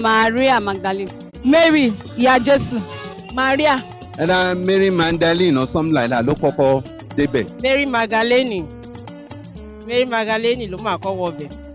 Maria Magdalene. Mary ìyá Jésù. Maria. Ẹ̀dá Mary Magdalene or something like that ló kọ́kọ́ débẹ̀. Mary Magdalene Mary Magdalene ló máa kọ́ wọ bẹ̀.